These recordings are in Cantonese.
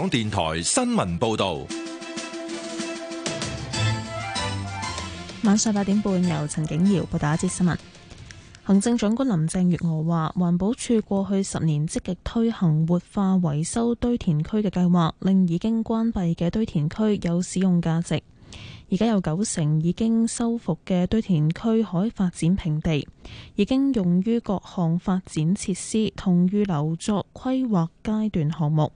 港電台新聞報道，晚上八點半由陳景瑤報道一節新聞。行政長官林鄭月娥話，環保署過去十年積極推行活化維修堆填區嘅計劃，令已經關閉嘅堆填區有使用價值。而家有九成已經修復嘅堆填區可以發展平地，已經用於各項發展設施同預留作規劃階段項目。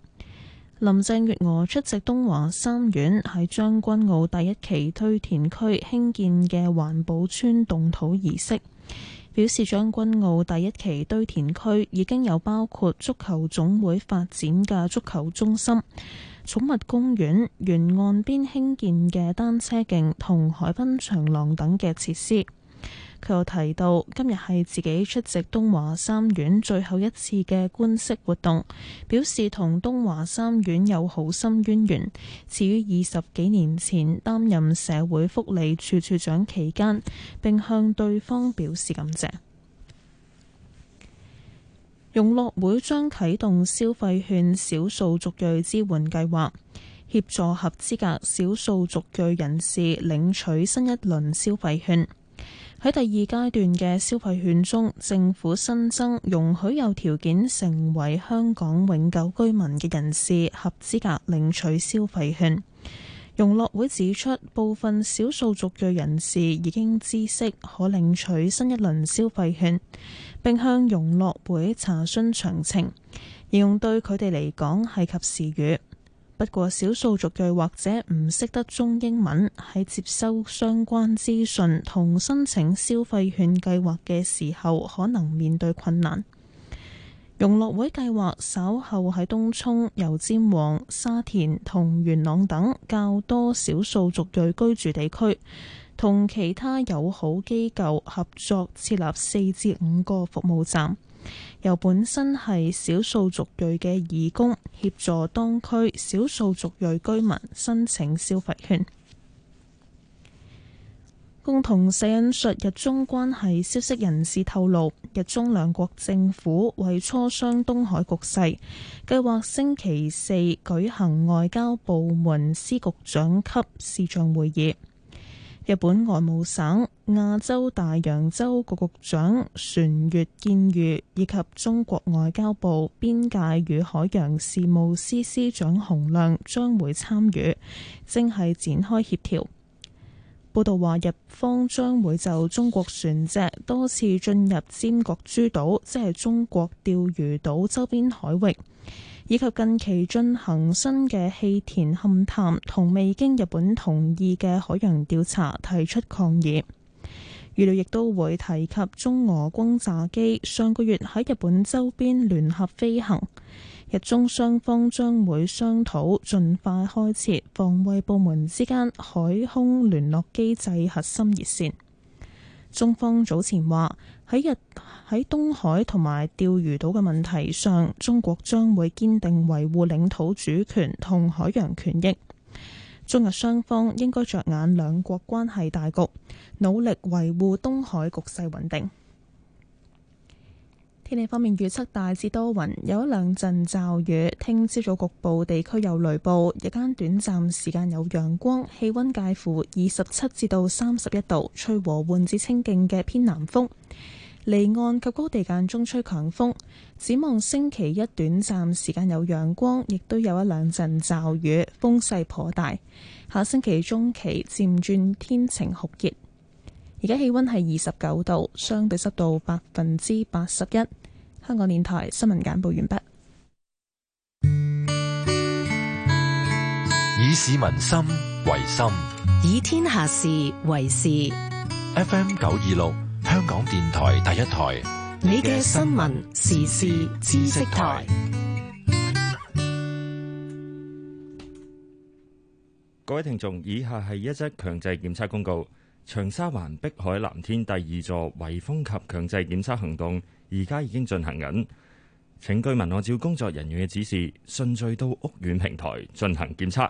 林鄭月娥出席東華三院喺將軍澳第一期堆填區興建嘅環保村動土儀式，表示將軍澳第一期堆填區已經有包括足球總會發展嘅足球中心、寵物公園、沿岸邊興建嘅單車徑同海濱長廊等嘅設施。佢又提到，今日係自己出席東華三院最後一次嘅官式活動，表示同東華三院有好深淵源，始於二十幾年前擔任社會福利處處長期間，並向對方表示感謝。融樂會將啟動消費券少數族裔支援計劃，協助合資格少數族裔人士領取新一輪消費券。喺第二階段嘅消費券中，政府新增容許有條件成為香港永久居民嘅人士合資格領取消費券。容樂會指出，部分少數族裔人士已經知悉可領取新一輪消費券，並向容樂會查詢詳情，形容對佢哋嚟講係及時雨。不過，少數族裔或者唔識得中英文，喺接收相關資訊同申請消費券計劃嘅時候，可能面對困難。融樂會計劃稍後喺東涌、油尖旺、沙田同元朗等較多少數族裔居住地區，同其他友好機構合作設立四至五個服務站。由本身係少數族裔嘅義工協助當區少數族裔居民申請消費券。共同社引述日中關係消息人士透露，日中兩國政府為磋商東海局勢，計劃星期四舉行外交部門司局長級視像會議。日本外務省亞洲大洋洲局局長船越健裕以及中國外交部邊界與海洋事務司司長洪亮將會參與，正係展開協調。報道話，日方將會就中國船隻多次進入尖閣諸島，即係中國釣魚島周邊海域。以及近期進行新嘅氣田勘探，同未經日本同意嘅海洋調查提出抗議。預料亦都會提及中俄轟炸機上個月喺日本周邊聯合飛行，日中雙方將會商討盡快開設防衛部門之間海空聯絡機制核心熱線。中方早前話：喺日喺東海同埋釣魚島嘅問題上，中國將會堅定維護領土主權同海洋權益。中日雙方應該着眼兩國關係大局，努力維護東海局勢穩定。天氣方面預測大致多雲，有一兩陣驟雨。聽朝早局部地區有雷暴，日間短暫時間有陽光，氣溫介乎二十七至到三十一度，吹和緩至清勁嘅偏南風。離岸及高地間中吹強風。展望星期一短暫時間有陽光，亦都有一兩陣驟雨，風勢頗大。下星期中期漸轉天晴酷熱。而家氣溫係二十九度，相對濕度百分之八十一。香港電台新聞簡報完畢。以市民心為心，以天下事為事。FM 九二六，香港電台第一台，你嘅新聞時事知識台。各位聽眾，以下係一則強制檢測公告：長沙灣碧海藍天第二座圍封及強制檢測行動。而家已經進行緊，請居民按照工作人員嘅指示，順序到屋苑平台進行檢測。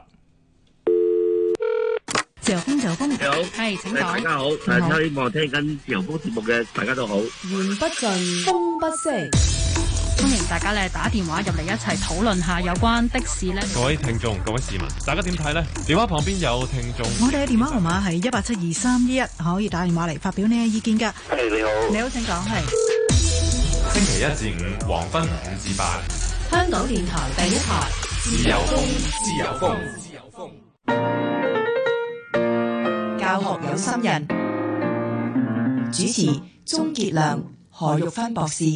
自由風，自由風。你好，係、hey，大家好，係希望聽緊自由風節目嘅大家都好。言不盡，風不息，歡迎大家咧打電話入嚟一齊討論下有關的士呢。各位聽眾，各位市民，大家點睇呢？電話旁邊有聽眾，我哋嘅電話號碼係一八七二三一一，可以打電話嚟發表你嘅意見噶。係、hey，你好，你好，請講係。星期一至五，黃昏五至八。香港電台第一台。自由，自由風，自由風，自由風。教學有心人，主持鍾杰良、何玉芬博士。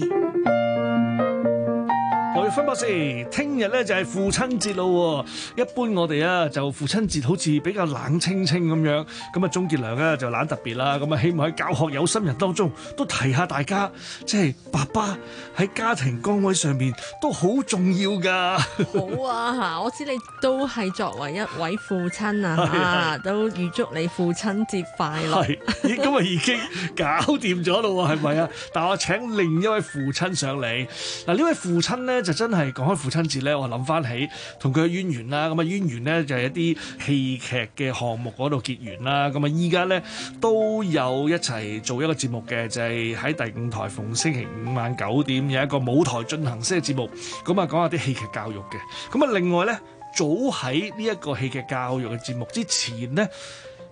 分伯斯，聽日咧就係父親節咯。一般我哋啊就父親節好似比較冷清清咁樣。咁啊，鍾杰良咧就懶特別啦。咁啊，希望喺教學有心人當中都提下大家，即係爸爸喺家庭崗位上面都好重要噶。 好啊，吓我知你都係作為一位父親啊，啊都預祝你父親節快樂。你 今日已經搞掂咗咯，係咪啊？ 但我請另一位父親上嚟。嗱，呢位父親咧就真。真係講開父親節咧，我諗翻起同佢嘅淵源啦。咁啊，淵源咧就係一啲戲劇嘅項目嗰度結緣啦。咁啊，依家咧都有一齊做一個節目嘅，就係喺第五台逢星期五晚九點有一個舞台進行式嘅節目。咁啊，講下啲戲劇教育嘅。咁啊，另外咧，早喺呢一個戲劇教育嘅節目之前咧。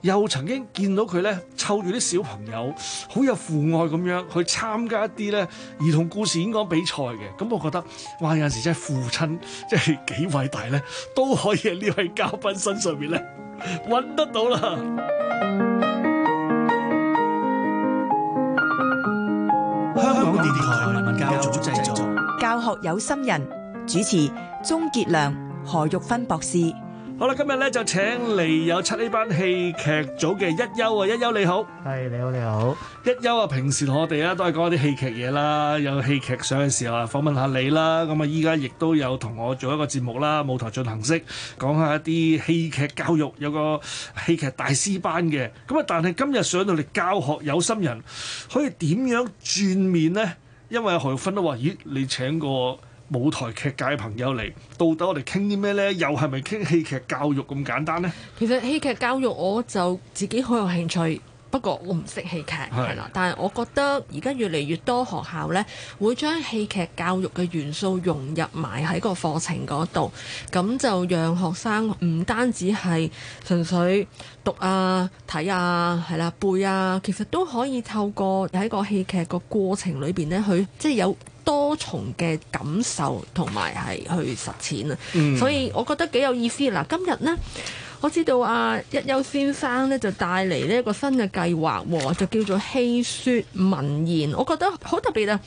又曾經見到佢咧，湊住啲小朋友，好有父愛咁樣去參加一啲咧兒童故事演講比賽嘅。咁、嗯、我覺得哇，有陣時真係父親即係幾偉大咧，都可以喺呢位嘉賓身上面咧搵得到啦。香港電台文文教育組製作，教學有心人主持，鍾傑良、何玉芬博士。好啦，今日咧就請嚟有七呢班戲劇組嘅一休啊，一休你好。係你好，你好。一休啊，平時我哋咧都係講啲戲劇嘢啦，有戲劇上嘅時候訪問下你啦。咁啊，依家亦都有同我做一個節目啦，舞台進行式講下一啲戲劇教育，有個戲劇大師班嘅。咁啊，但係今日上到嚟教學有心人可以點樣轉面呢？因為何玉芬都話：咦，你請過？舞台劇界嘅朋友嚟，到底我哋傾啲咩呢？又係咪傾戲劇教育咁簡單呢？其實戲劇教育我就自己好有興趣，不過我唔識戲劇係啦的。但係我覺得而家越嚟越多學校呢，會將戲劇教育嘅元素融入埋喺個課程嗰度，咁就讓學生唔單止係純粹讀啊、睇啊、係啦、背啊，其實都可以透過喺個戲劇個過程裏邊呢，去即係、就是、有。多重嘅感受同埋係去實踐啊，mm. 所以我覺得幾有意思。嗱，今日呢，我知道阿、啊、一休先生呢就帶嚟呢一個新嘅計劃，就叫做戲說文言。我覺得好特別啊！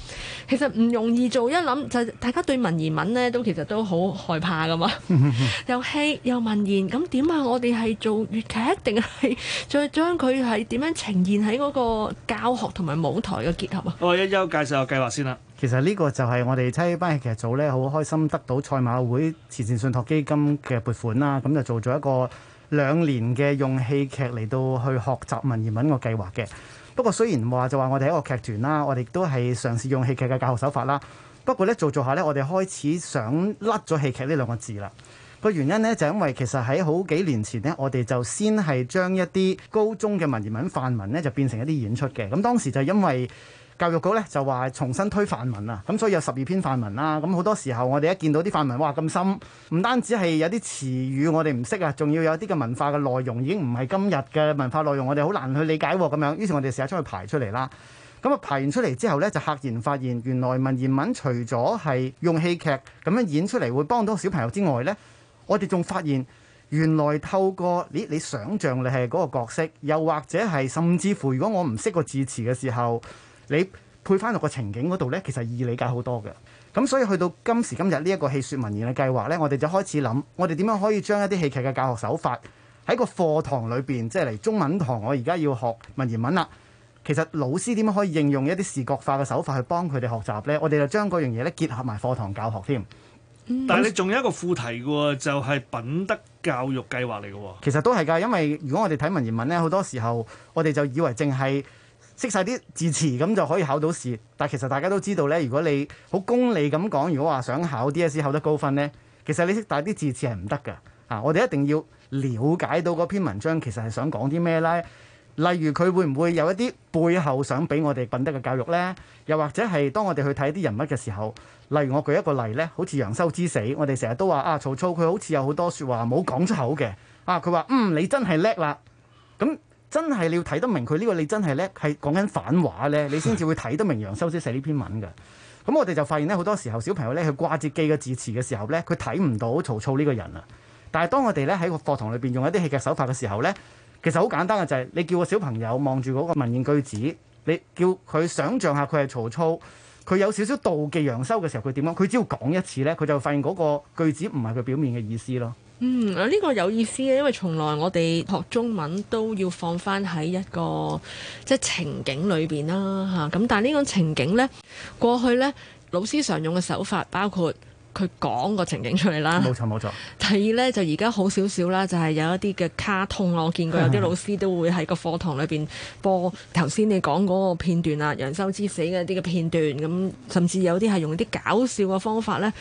其實唔容易做一諗，就是、大家對文言文呢都其實都好害怕噶嘛， 又戲又文言，咁點啊？我哋係做粵劇定係再將佢係點樣呈現喺嗰個教學同埋舞台嘅結合啊？我一休介紹下計劃先啦。其實呢個就係我哋 7A 班戲劇組咧，好開心得到賽馬會慈善信託基金嘅撥款啦，咁就做咗一個兩年嘅用戲劇嚟到去學習文言文個計劃嘅。不過雖然話就話我哋係一個劇團啦，我哋都係嘗試用戲劇嘅教學手法啦。不過咧做做下咧，我哋開始想甩咗戲劇呢兩個字啦。個原因呢，就因為其實喺好幾年前呢，我哋就先係將一啲高中嘅文言文範文咧就變成一啲演出嘅。咁當時就因為教育局咧就話重新推範文啊，咁所以有十二篇範文啦。咁、啊、好多時候，我哋一見到啲範文，哇咁深，唔單止係有啲詞語我哋唔識啊，仲要有啲嘅文化嘅內容已經唔係今日嘅文化內容，我哋好難去理解咁樣、啊。於是，我哋成日出去排出嚟啦。咁啊，啊，排完出嚟之後呢，就愕然發現原來文言文除咗係用戲劇咁樣演出嚟會幫到小朋友之外呢，我哋仲發現原來透過你你想像你係嗰個角色，又或者係甚至乎如果我唔識個字詞嘅時候。你配翻落個情景嗰度呢，其實易理解好多嘅。咁所以去到今時今日呢一個戲説文言嘅計劃呢，我哋就開始諗，我哋點樣可以將一啲戲劇嘅教學手法喺個課堂裏邊，即係嚟中文堂，我而家要學文言文啦。其實老師點樣可以應用一啲視覺化嘅手法去幫佢哋學習呢？我哋就將嗰樣嘢咧結合埋課堂教學添。但係你仲有一個副題喎，就係、是、品德教育計劃嚟嘅喎。嗯、其實都係㗎，因為如果我哋睇文言文呢，好多時候我哋就以為淨係，識晒啲字詞咁就可以考到試，但其實大家都知道呢，如果你好功利咁講，如果話想考 DSE 考得高分呢，其實你識大啲字詞係唔得嘅啊！我哋一定要了解到嗰篇文章其實係想講啲咩呢？例如佢會唔會有一啲背後想俾我哋品德嘅教育呢？又或者係當我哋去睇啲人物嘅時候，例如我舉一個例呢，好似楊修之死，我哋成日都話啊，曹操佢好似有好多説話冇講出口嘅啊，佢話嗯你真係叻啦，咁、嗯。真係你要睇得明佢呢個，你真係咧係講緊反話咧，你先至會睇得明楊修先寫呢篇文嘅。咁、嗯、我哋就發現咧，好多時候小朋友咧去掛住記嘅字詞嘅時候咧，佢睇唔到曹操呢個人啊。但係當我哋咧喺個課堂裏邊用一啲戲劇手法嘅時候咧，其實好簡單嘅就係、是、你叫個小朋友望住嗰個文言句子，你叫佢想像下佢係曹操，佢有少少妒忌楊修嘅時候，佢點樣？佢只要講一次咧，佢就發現嗰個句子唔係佢表面嘅意思咯。嗯，啊、這、呢個有意思嘅，因為從來我哋學中文都要放翻喺一個即係情景裏邊啦，嚇咁，但係呢種情景呢，過去呢老師常用嘅手法包括。佢講個情景出嚟啦，冇錯冇錯。第二呢，就而家好少少啦，就係有一啲嘅卡通我見過有啲老師都會喺個課堂裏邊播頭先 你講嗰個片段啊，《楊修之死》嘅一啲嘅片段，咁甚至有啲係用啲搞笑嘅方法呢，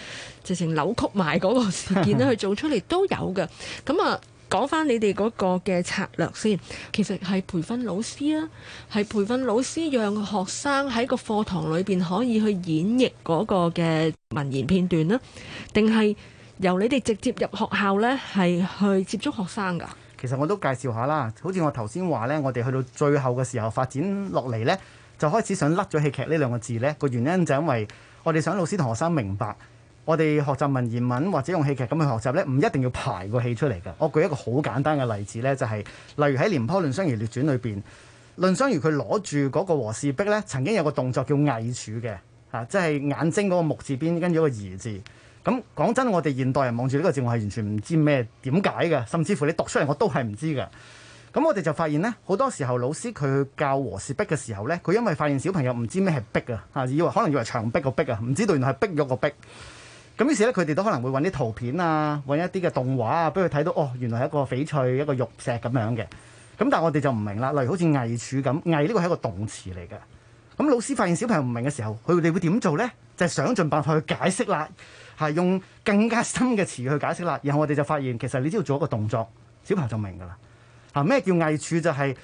直情扭曲埋嗰個事件咧去做出嚟都有嘅，咁啊。講翻你哋嗰個嘅策略先，其實係培訓老師啊，係培訓老師讓學生喺個課堂裏邊可以去演繹嗰個嘅文言片段啦、啊，定係由你哋直接入學校呢？係去接觸學生㗎？其實我都介紹下啦，好似我頭先話呢，我哋去到最後嘅時候發展落嚟呢，就開始想甩咗戲劇呢兩個字呢。個原因就因為我哋想老師同學生明白。我哋學習文言文或者用戲劇咁去學習呢，唔一定要排個戲出嚟嘅。我舉一個好簡單嘅例子呢，就係、是、例如喺《廉頗論雙魚列傳》裏邊，《論雙魚》佢攞住嗰個和氏璧呢，曾經有個動作叫魏楚嘅、啊、即係眼睛嗰個木字邊跟住個兒字。咁、啊、講真，我哋現代人望住呢個字，我係完全唔知咩點解嘅，甚至乎你讀出嚟我都係唔知嘅。咁我哋就發現呢，好多時候老師佢教和氏璧嘅時候呢，佢因為發現小朋友唔知咩係璧啊，以為可能以為牆壁個壁」啊，唔知道原來係璧咗個壁」。咁於是咧，佢哋都可能會揾啲圖片啊，揾一啲嘅動畫啊，俾佢睇到哦，原來係一個翡翠、一個玉石咁樣嘅。咁但係我哋就唔明啦，例如好似睨柱咁，睨呢個係一個動詞嚟嘅。咁老師發現小朋友唔明嘅時候，佢哋會點做呢？就係、是、想盡辦法去解釋啦，係用更加深嘅詞去解釋啦。然後我哋就發現，其實你只要做一個動作，小朋友就明㗎啦。咩叫睨柱？就係、是、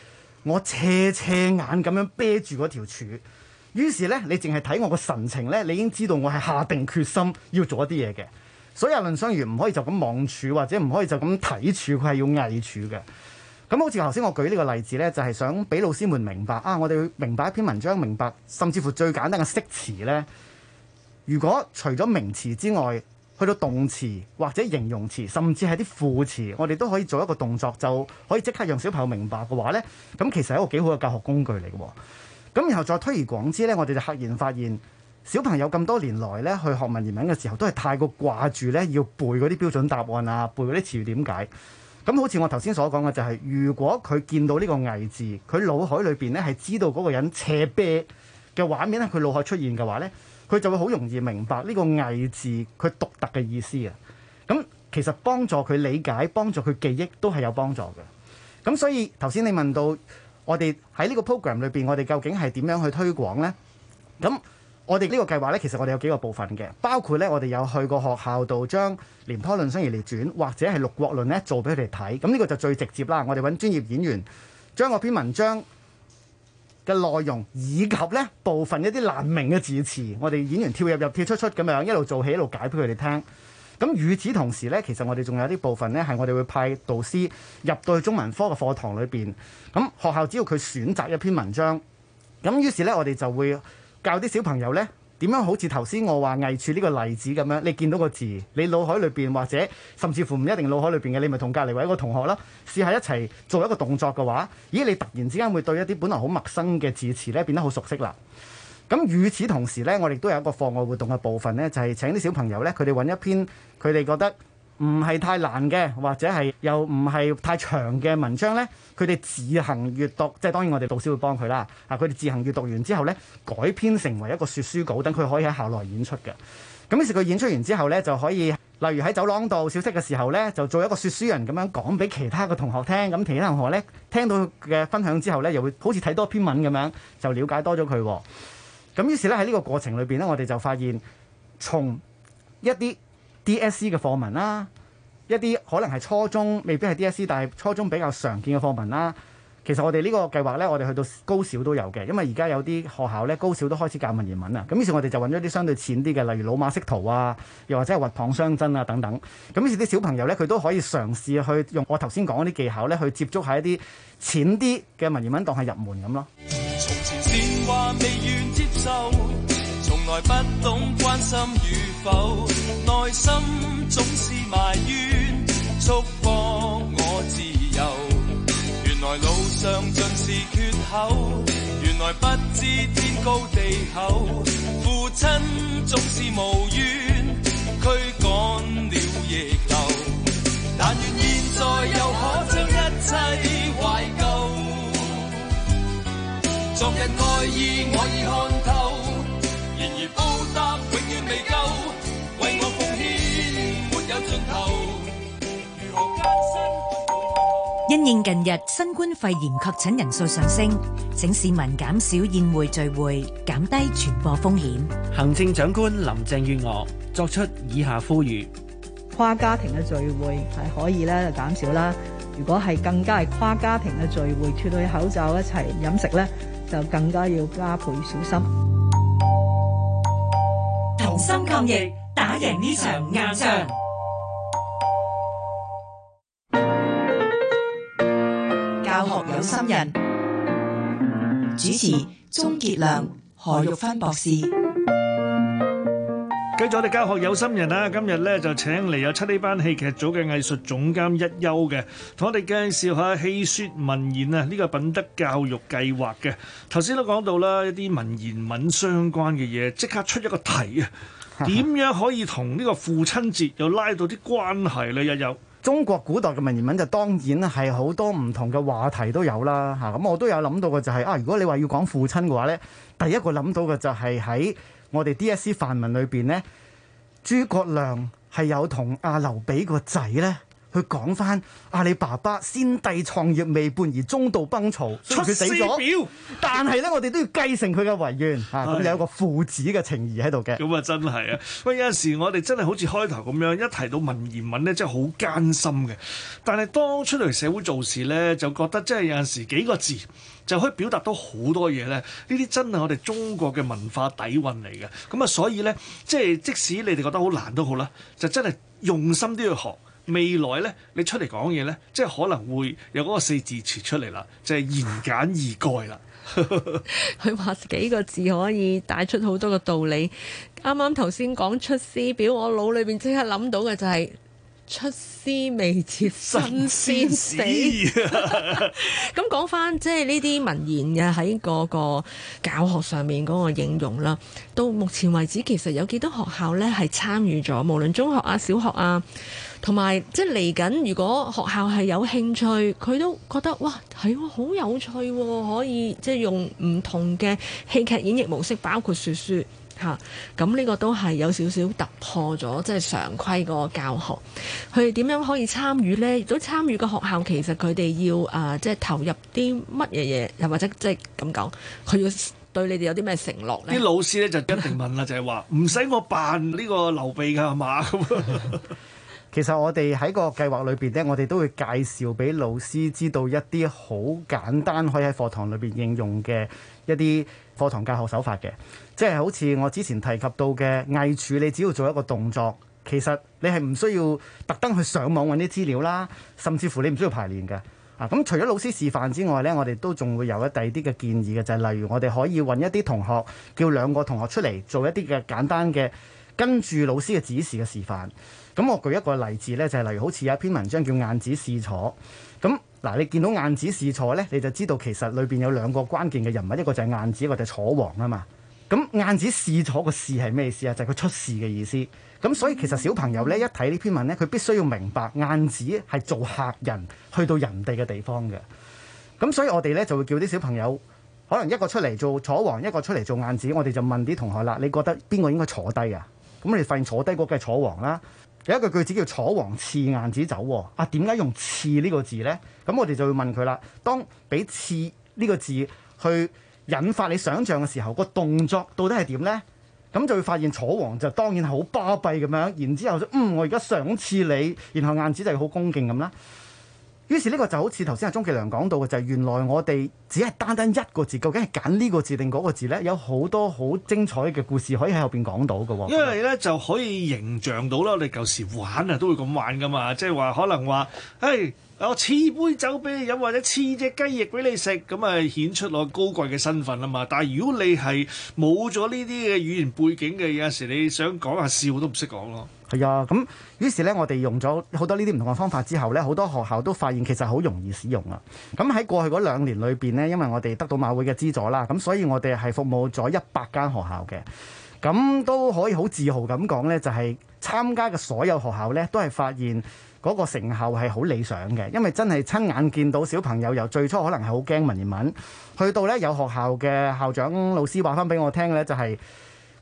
我斜斜眼咁樣啤住嗰條柱。於是咧，你淨係睇我個神情咧，你已經知道我係下定決心要做一啲嘢嘅。所以藺相如唔可以就咁望柱，或者唔可以就咁睇柱，佢係要睨柱嘅。咁好似頭先我舉呢個例子咧，就係、是、想俾老師們明白啊！我哋要明白一篇文章，明白甚至乎最簡單嘅識詞咧。如果除咗名詞之外，去到動詞或者形容詞，甚至係啲副詞，我哋都可以做一個動作，就可以即刻讓小朋友明白嘅話咧，咁其實係一個幾好嘅教學工具嚟嘅。咁然後再推而廣之呢，我哋就赫然發現，小朋友咁多年來呢，去學文言文嘅時候，都係太過掛住呢，要背嗰啲標準答案啊，背嗰啲詞語點解，咁好似我頭先所講嘅，就係、是、如果佢見到呢個偽字，佢腦海裏邊呢係知道嗰個人斜啤嘅畫面咧，佢腦海出現嘅話呢，佢就會好容易明白呢個偽字佢獨特嘅意思啊！咁其實幫助佢理解、幫助佢記憶都係有幫助嘅。咁所以頭先你問到。我哋喺呢個 program 裏邊，我哋究竟係點樣去推廣呢？咁我哋呢個計劃呢，其實我哋有幾個部分嘅，包括呢，我哋有去過學校度將《廉頗論》新而嚟轉，或者係《六國論》呢做俾佢哋睇。咁呢個就最直接啦。我哋揾專業演員將嗰篇文章嘅內容以及呢部分一啲難明嘅字詞，我哋演員跳入入、跳出出咁樣一路做起，一路解俾佢哋聽。咁與此同時呢，其實我哋仲有啲部分呢，係我哋會派導師入到去中文科嘅課堂裏邊。咁學校只要佢選擇一篇文章，咁於是呢，我哋就會教啲小朋友呢，點樣好似頭先我話魏處呢個例子咁樣，你見到個字，你腦海裏邊或者甚至乎唔一定腦海裏邊嘅，你咪同隔離位一個同學囉，試下一齊做一個動作嘅話，咦，你突然之間會對一啲本來好陌生嘅字詞呢，變得好熟悉啦。咁，與此同時咧，我哋都有一個課外活動嘅部分呢，就係請啲小朋友呢，佢哋揾一篇佢哋覺得唔係太難嘅，或者係又唔係太長嘅文章呢，佢哋自行閲讀。即係當然，我哋導師會幫佢啦。啊，佢哋自行閲讀完之後呢，改編成為一個説書稿，等佢可以喺校內演出嘅。咁於是佢演出完之後呢，就可以例如喺走廊度小息嘅時候呢，就做一個説書人咁樣講俾其他嘅同學聽。咁其他同學呢，聽到嘅分享之後呢，又會好似睇多篇文咁樣就了解多咗佢。咁於是咧喺呢個過程裏邊咧，我哋就發現從一啲 DSE 嘅課文啦、啊，一啲可能係初中未必係 DSE，但係初中比較常見嘅課文啦、啊。其實我哋呢個計劃咧，我哋去到高小都有嘅，因為而家有啲學校咧高小都開始教文言文啊。咁於是，我哋就揾咗啲相對淺啲嘅，例如老馬識途啊，又或者係鷸蚌相爭啊等等。咁於是啲小朋友咧，佢都可以嘗試去用我頭先講嗰啲技巧咧，去接觸一下一啲淺啲嘅文言文當係入門咁咯。話未願接受，從來不懂關心與否，內心總是埋怨，束縛我自由。原來路上盡是缺口，原來不知天高地厚，父親總是無怨，驅趕了逆流。但願現在又可將一切懷舊。昨日愛意我已看透，然而報答永遠未夠，為我奉獻，沒有盡頭。如何艱辛？因應近日新冠肺炎確診人數上升，請市民減少宴會聚會，減低傳播風險。行政長官林鄭月娥作出以下呼籲：跨家庭嘅聚會係可以咧，減少啦。如果係更加係跨家庭嘅聚會，脫去口罩一齊飲食咧。就更加要加倍小心。同心抗疫，打贏呢場硬仗。教學有心人，主持：鍾杰良、何玉芬博士。畀咗我哋教學有心人啦。今日咧就請嚟有七呢班戲劇組嘅藝術總監一休嘅，同我哋介紹下戲說文言啊！呢個品德教育計劃嘅，頭先都講到啦，一啲文言文相關嘅嘢，即刻出一個題啊！點樣可以同呢個父親節又拉到啲關係咧？又有中國古代嘅文言文就當然係好多唔同嘅話題都有啦。吓咁我都有諗到嘅就係啊，如果你話要講父親嘅話咧，第一個諗到嘅就係喺。我哋 D.S.C. 範文裏邊咧，諸葛亮係有同阿劉備個仔咧。去講翻阿里巴巴先帝創業未半而中道崩殂，出死師表。 但係咧，我哋都要繼承佢嘅遺願啊！咁有一個父子嘅情義喺度嘅咁啊，真係啊！喂，有陣時我哋真係好似開頭咁樣一提到文言文咧，真係好艱深嘅。但係當出嚟社會做事咧，就覺得真係有陣時幾個字就可以表達到好多嘢咧。呢啲真係我哋中國嘅文化底蘊嚟嘅。咁、嗯、啊，所以咧，即係即使你哋覺得難好難都好啦，就真係用心都要學。未來咧，你出嚟講嘢咧，即係可能會有嗰個四字詞出嚟啦，就係、是、言簡意賅啦。佢 話幾個字可以帶出好多個道理。啱啱頭先講出師表，我腦裏邊即刻諗到嘅就係、是。出師未捷身先死。咁講翻，即係呢啲文言嘅喺嗰個教學上面嗰個應用啦。到目前為止，其實有幾多學校呢係參與咗，無論中學啊、小學啊，同埋即係嚟緊。如果學校係有興趣，佢都覺得哇，係喎，好有趣，可以即係用唔同嘅戲劇演繹模式，包括説書。嚇，咁呢個都係有少少突破咗，即係常規個教學。佢哋點樣可以參與呢？亦都參與個學校，其實佢哋要啊，即係投入啲乜嘢嘢，又或者即係咁講，佢要對你哋有啲咩承諾呢？啲老師咧就一定問啦，就係話唔使我扮呢個劉備㗎，係嘛？ 其實我哋喺個計劃裏邊呢，我哋都會介紹俾老師知道一啲好簡單可以喺課堂裏邊應用嘅一啲課堂教學手法嘅，即係好似我之前提及到嘅藝柱，你只要做一個動作，其實你係唔需要特登去上網揾啲資料啦，甚至乎你唔需要排練嘅啊。咁除咗老師示範之外呢，我哋都仲會有一第二啲嘅建議嘅，就係例如我哋可以揾一啲同學，叫兩個同學出嚟做一啲嘅簡單嘅跟住老師嘅指示嘅示範。咁我舉一個例子咧，就係例如好似有一篇文章叫晏子使楚。咁嗱，你見到晏子使楚咧，你就知道其實裏邊有兩個關鍵嘅人物，一個就係晏子，一個就係楚王啊嘛。咁晏子使楚個使係咩意思啊？就係佢出使嘅意思。咁所以其實小朋友咧一睇呢篇文咧，佢必須要明白晏子係做客人去到人哋嘅地方嘅。咁所以我哋咧就會叫啲小朋友，可能一個出嚟做楚王，一個出嚟做晏子，我哋就問啲同學啦，你覺得邊個應該坐低啊？咁你發現坐低嗰個係楚王啦。有一句句子叫楚王賜晏子酒，啊，點解用「賜」呢個字呢？咁我哋就會問佢啦。當俾「賜」呢個字去引發你想象嘅時候，個動作到底係點呢？咁就會發現楚王就當然係好巴閉咁樣，然之後就，嗯我而家賞賜你，然後晏子就要好恭敬咁啦。於是呢個就好似頭先阿鍾傑良講到嘅，就係、是、原來我哋只係單單一個字，究竟係揀呢個字定嗰個字咧？有好多好精彩嘅故事可以喺後邊講到嘅喎。因為咧樣就可以形象到啦，我哋舊時玩啊都會咁玩噶嘛，即係話可能話，誒。我似、哦、杯酒俾你飲，或者似隻雞翼俾你食，咁啊顯出我高貴嘅身份啊嘛！但係如果你係冇咗呢啲嘅語言背景嘅，有時你想講下笑都唔識講咯。係啊，咁於是呢，我哋用咗好多呢啲唔同嘅方法之後呢，好多學校都發現其實好容易使用啊。咁喺過去嗰兩年裏邊呢，因為我哋得到馬會嘅資助啦，咁所以我哋係服務咗一百間學校嘅，咁都可以好自豪咁講呢，就係、是、參加嘅所有學校呢，都係發現。嗰個成效係好理想嘅，因為真係親眼見到小朋友由最初可能係好驚文言文，去到呢有學校嘅校長老師話翻俾我聽呢，就係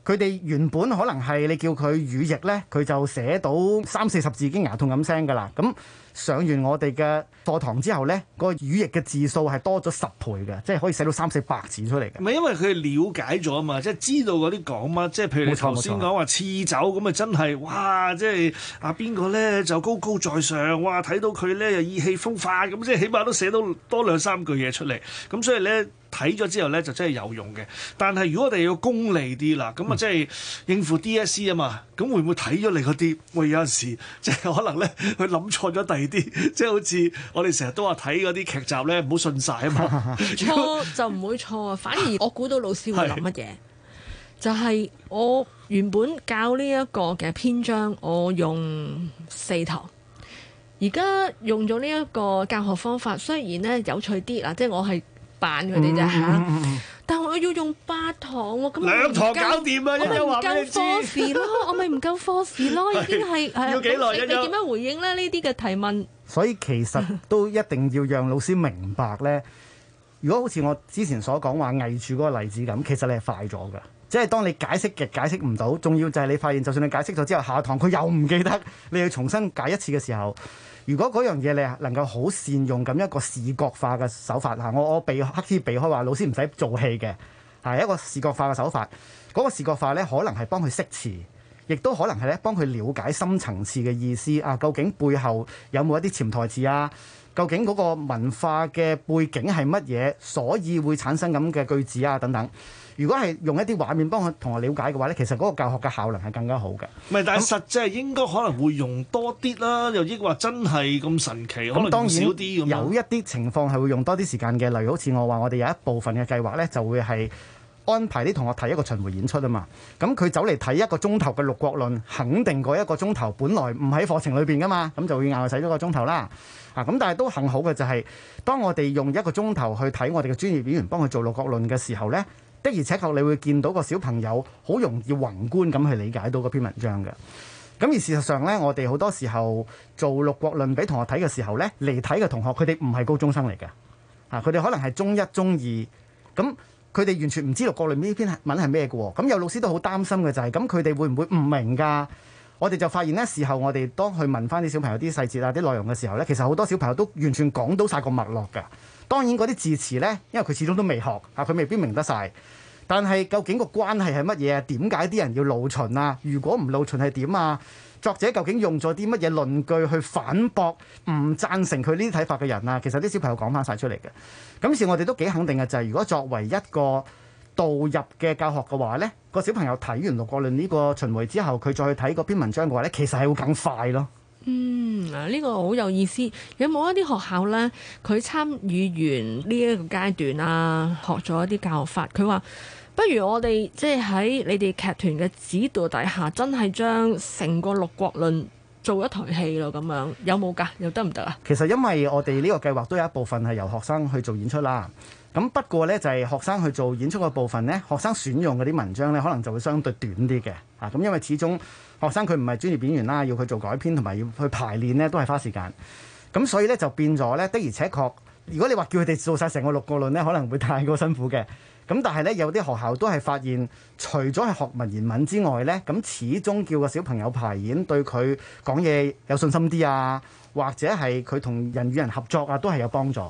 佢哋原本可能係你叫佢語譯呢，佢就寫到三四十字已經牙痛咁聲噶啦，咁。上完我哋嘅課堂之後咧，個語譯嘅字數係多咗十倍嘅，即係可以寫到三四百字出嚟嘅。唔係因為佢了解咗啊嘛，即係知道嗰啲講乜，即係譬如你頭先講話刺酒咁啊，錯真係哇！即係啊邊個咧就高高在上哇，睇到佢咧又意氣風發咁，即係起碼都寫到多兩三句嘢出嚟。咁所以咧睇咗之後咧就真係有用嘅。但係如果我哋要功利啲啦，咁啊即係應付 DSE 啊嘛，咁會唔會睇咗你嗰啲？喂，有陣時即係可能咧佢諗錯咗第。啲即係好似我哋成日都話睇嗰啲劇集呢，唔好信晒啊嘛，錯 就唔會錯，反而我估到老師會諗乜嘢，是就係我原本教呢一個嘅篇章，我用四堂，而家用咗呢一個教學方法，雖然呢有趣啲啦，即係我係扮佢哋啫但我要用八堂喎，咁兩堂搞掂啊！我咪唔夠課時咯， 我咪唔夠課時咯， 已經係誒。 要幾耐你點樣回應咧？呢啲嘅提問。所以其實都一定要讓老師明白咧。 如果好似我之前所講話魏柱嗰個例子咁，其實你係快咗㗎。即係當你解釋極解釋唔到，仲要就係你發現，就算你解釋咗之後，下一堂佢又唔記得，你要重新解一次嘅時候。如果嗰樣嘢你能夠好善用咁一個視覺化嘅手法，嗱，我避我避刻意避開話老師唔使做戲嘅，係一個視覺化嘅手法。嗰個視覺化呢，可能係幫佢識詞，亦都可能係咧幫佢了解深層次嘅意思啊，究竟背後有冇一啲潛台詞啊？究竟嗰個文化嘅背景係乜嘢？所以會產生咁嘅句子啊等等。如果係用一啲畫面幫佢同學了解嘅話呢，其實嗰個教學嘅效能係更加好嘅。唔係，但係實際應該可能會用多啲啦，又抑或真係咁神奇，咁當然有一啲情況係會用多啲時間嘅，例如好似我話，我哋有一部分嘅計劃呢，就會係安排啲同學睇一個巡迴演出啊嘛。咁佢走嚟睇一個鐘頭嘅《六國論》，肯定嗰一個鐘頭，本來唔喺課程裏邊噶嘛，咁就會硬係使多個鐘頭啦。啊！咁但係都幸好嘅就係，當我哋用一個鐘頭去睇我哋嘅專業演員幫佢做六國論嘅時候呢，的而且確你會見到個小朋友好容易宏觀咁去理解到嗰篇文章嘅。咁而事實上呢，我哋好多時候做六國論俾同學睇嘅時候呢，嚟睇嘅同學佢哋唔係高中生嚟嘅，啊佢哋可能係中一、中二，咁佢哋完全唔知六國論呢篇文係咩嘅喎。咁有老師都好擔心嘅就係，咁佢哋會唔會唔明㗎？我哋就發現呢，事後我哋當去問翻啲小朋友啲細節啊、啲內容嘅時候呢，其實好多小朋友都完全講到晒個脈絡㗎。當然嗰啲字詞呢，因為佢始終都未學，啊佢未必明得晒。但係究竟個關係係乜嘢啊？點解啲人要露勳啊？如果唔露勳係點啊？作者究竟用咗啲乜嘢論據去反駁唔贊成佢呢啲睇法嘅人啊？其實啲小朋友講翻晒出嚟嘅，咁時我哋都幾肯定嘅，就係、是、如果作為一個導入嘅教學嘅話呢、呢個小朋友睇完《六國論》呢個循環之後，佢再去睇嗰篇文章嘅話呢，其實係會更快咯。嗯，嗱、這、呢個好有意思。有冇一啲學校呢？佢參與完呢一個階段啊，學咗一啲教學法，佢話不如我哋即係喺你哋劇團嘅指導底下，真係將成個《六國論》做一台戲咯，咁樣有冇噶？又得唔得啊？其實因為我哋呢個計劃都有一部分係由學生去做演出啦。咁不過呢，就係學生去做演出嘅部分呢，學生選用嗰啲文章呢，可能就會相對短啲嘅。啊，咁因為始終學生佢唔係專業演員啦，要去做改編同埋要去排練呢，都係花時間。咁所以呢，就變咗呢的而且確，如果你話叫佢哋做晒成個六國論呢，可能會太過辛苦嘅。咁、啊、但係呢，有啲學校都係發現，除咗係學文言文之外呢，咁始終叫個小朋友排演，對佢講嘢有信心啲啊，或者係佢同人與人合作啊，都係有幫助。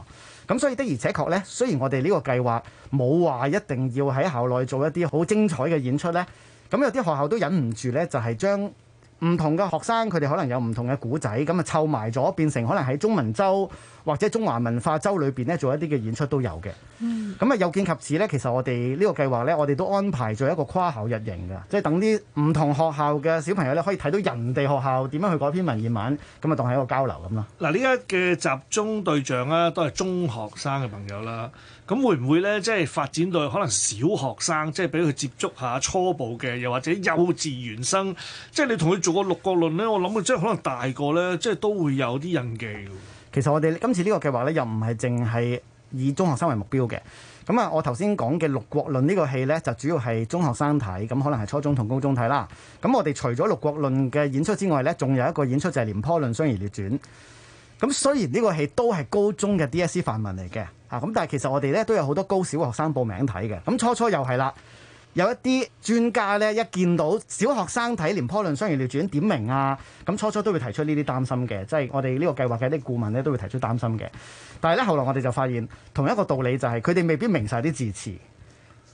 咁所以的而且確呢，雖然我哋呢個計劃冇話一定要喺校內做一啲好精彩嘅演出呢，咁有啲學校都忍唔住呢，就係將唔同嘅學生佢哋可能有唔同嘅古仔咁啊，湊埋咗，變成可能喺中文周。或者中華文化周裏邊咧，做一啲嘅演出都有嘅。咁啊、mm. 嗯，有見及此咧，其實我哋呢個計劃咧，我哋都安排做一個跨考日營嘅，即係等啲唔同學校嘅小朋友咧，可以睇到人哋學校點樣去改編文言文，咁啊當係一個交流咁啦。嗱，呢一嘅集中對象咧、啊，都係中學生嘅朋友啦。咁會唔會咧，即係發展到可能小學生，即係俾佢接觸下初步嘅，又或者幼稚園生，即係你同佢做個六國論咧，我諗佢即係可能大個咧，即係都會有啲印記。其實我哋今次呢個計劃咧，又唔係淨係以中學生為目標嘅。咁啊，我頭先講嘅《六國論》呢個戲呢，就主要係中學生睇，咁可能係初中同高中睇啦。咁我哋除咗《六國論》嘅演出之外呢，仲有一個演出就係《廉頗藺相如列傳》。咁雖然呢個戲都係高中嘅 DSE 範文嚟嘅，啊咁，但係其實我哋呢都有好多高小學生報名睇嘅。咁初初又係啦。有一啲專家咧，一見到小學生睇《廉頗論》、《雙人料傳》點名啊，咁初初都會提出呢啲擔心嘅，即係我哋呢個計劃嘅啲顧問咧都會提出擔心嘅。但係咧，後來我哋就發現，同一個道理就係佢哋未必明晒啲字詞，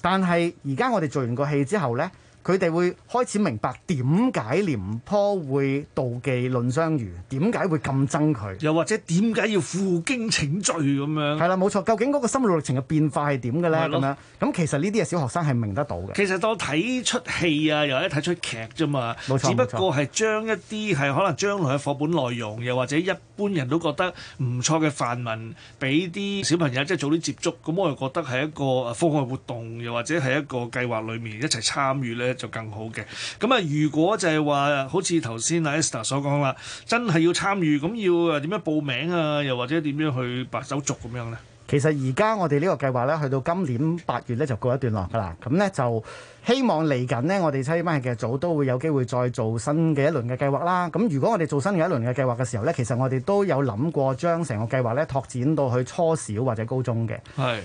但係而家我哋做完個戲之後呢。佢哋會開始明白點解廉頗會妒忌藺相如，點解會咁憎佢？又或者點解要負荊請罪咁樣？係啦，冇錯。究竟嗰個心路歷程嘅變化係點嘅咧？咁樣咁其實呢啲係小學生係明得到嘅。其實當睇出戲啊，又或者睇出劇啫嘛，冇錯，只不過係將一啲係可能將來嘅課本內容，又或者一般人都覺得唔錯嘅範文，俾啲小朋友即係早啲接觸。咁我又覺得係一個課外活動，又或者係一個計劃裡面一齊參與咧。就更好嘅。咁啊，如果就係話，好似頭先 Esther 所講啦，真係要參與，咁要誒點樣報名啊？又或者點樣去辦手續咁樣呢？其實而家我哋呢個計劃呢，去到今年八月呢，就告一段落噶啦。咁呢，就希望嚟緊呢，我哋七班嘅組都會有機會再做新嘅一輪嘅計劃啦。咁如果我哋做新嘅一輪嘅計劃嘅時候呢，其實我哋都有諗過將成個計劃呢拓展到去初小或者高中嘅。係。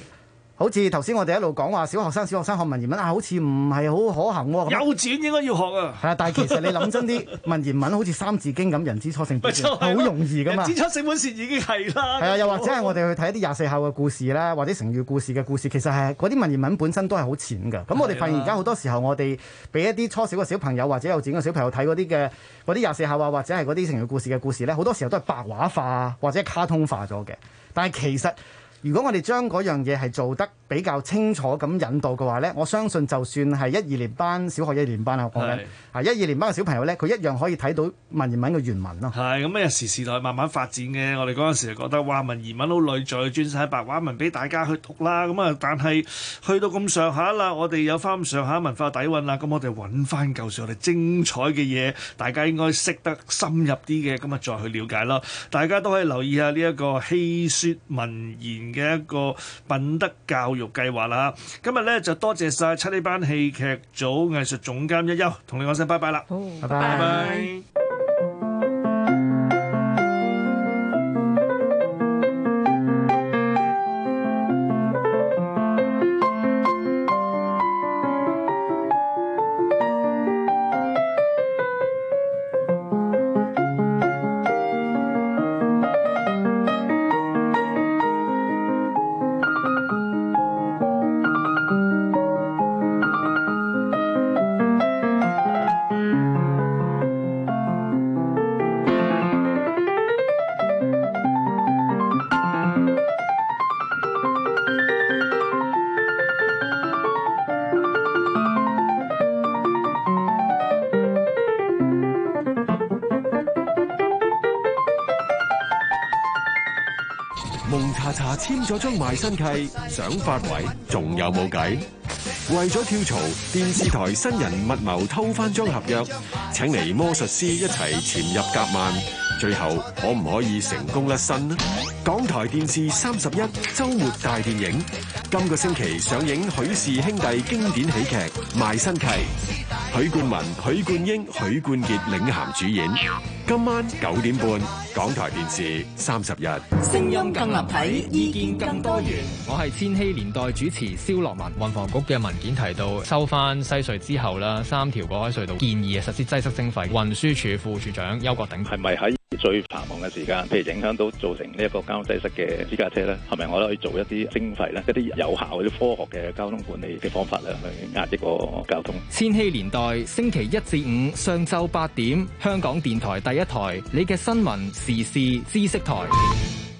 好似頭先我哋一路講話小學生小學生學文言文啊，好似唔係好可行，啊。幼稚園應該要學啊。係啊，但係其實你諗真啲， 文言文好似《三字經》咁，人之初性本善，好、就是、容易噶嘛。人之初性本善已經係啦。係啊，又或者係我哋去睇一啲廿四孝嘅故事咧，或者成語故事嘅故事，其實係嗰啲文言文本身都係好淺嘅。咁、啊、我哋發現而家好多時候，我哋俾一啲初小嘅小朋友或者幼稚園嘅小朋友睇嗰啲嘅嗰啲廿四孝啊，或者係嗰啲成語故事嘅故事咧，好多時候都係白話化或者卡通化咗嘅。但係其實。如果我哋將嗰樣嘢係做得比較清楚咁引導嘅話咧，我相信就算係一二年班、小學一二年班啊，講緊啊一二年班嘅小朋友咧，佢一樣可以睇到文言文嘅原文咯。係咁啊，時時代慢慢發展嘅，我哋嗰陣時就覺得哇，文言文好累，再轉曬喺白話文俾大家去讀啦。咁啊，但係去到咁上下啦，我哋有翻咁上下文化底蘊啦，咁我哋揾翻舊時我哋精彩嘅嘢，大家應該識得深入啲嘅，咁啊再去了解咯。大家都可以留意下呢一個戲說文言。嘅一個品德教育計劃啦。今日咧就多謝晒 7A 班戲劇組藝術總監一休，同你講聲拜拜啦，好拜拜。拜拜。賣身契，想發圍，仲有冇計？為咗跳槽，電視台新人密謀偷返張合約，請嚟魔術師一齊潛入夾萬，最後可唔可以成功甩身呢？港台電視三十一週末大電影，今個星期上映許氏兄弟經典喜劇《賣身契》，許冠文、許冠英、許冠傑領銜主演。今晚九點半，港台電視三十日，聲音更立體，意見更多元。我係千禧年代主持蕭樂文，運房局嘅文件提到收翻西隧之後啦，三條過海隧道建議實施擠塞徵費。運輸處副，副處長邱國鼎係咪喺？是最繁忙嘅時間，譬如影響到造成呢一個交通擠塞嘅私家車咧，係咪我都可以做一啲徵費咧，一啲有效嘅科學嘅交通管理嘅方法咧，去壓抑呢個交通。千禧年代，星期一至五上晝八點，香港電台第一台，你嘅新聞時事知識台。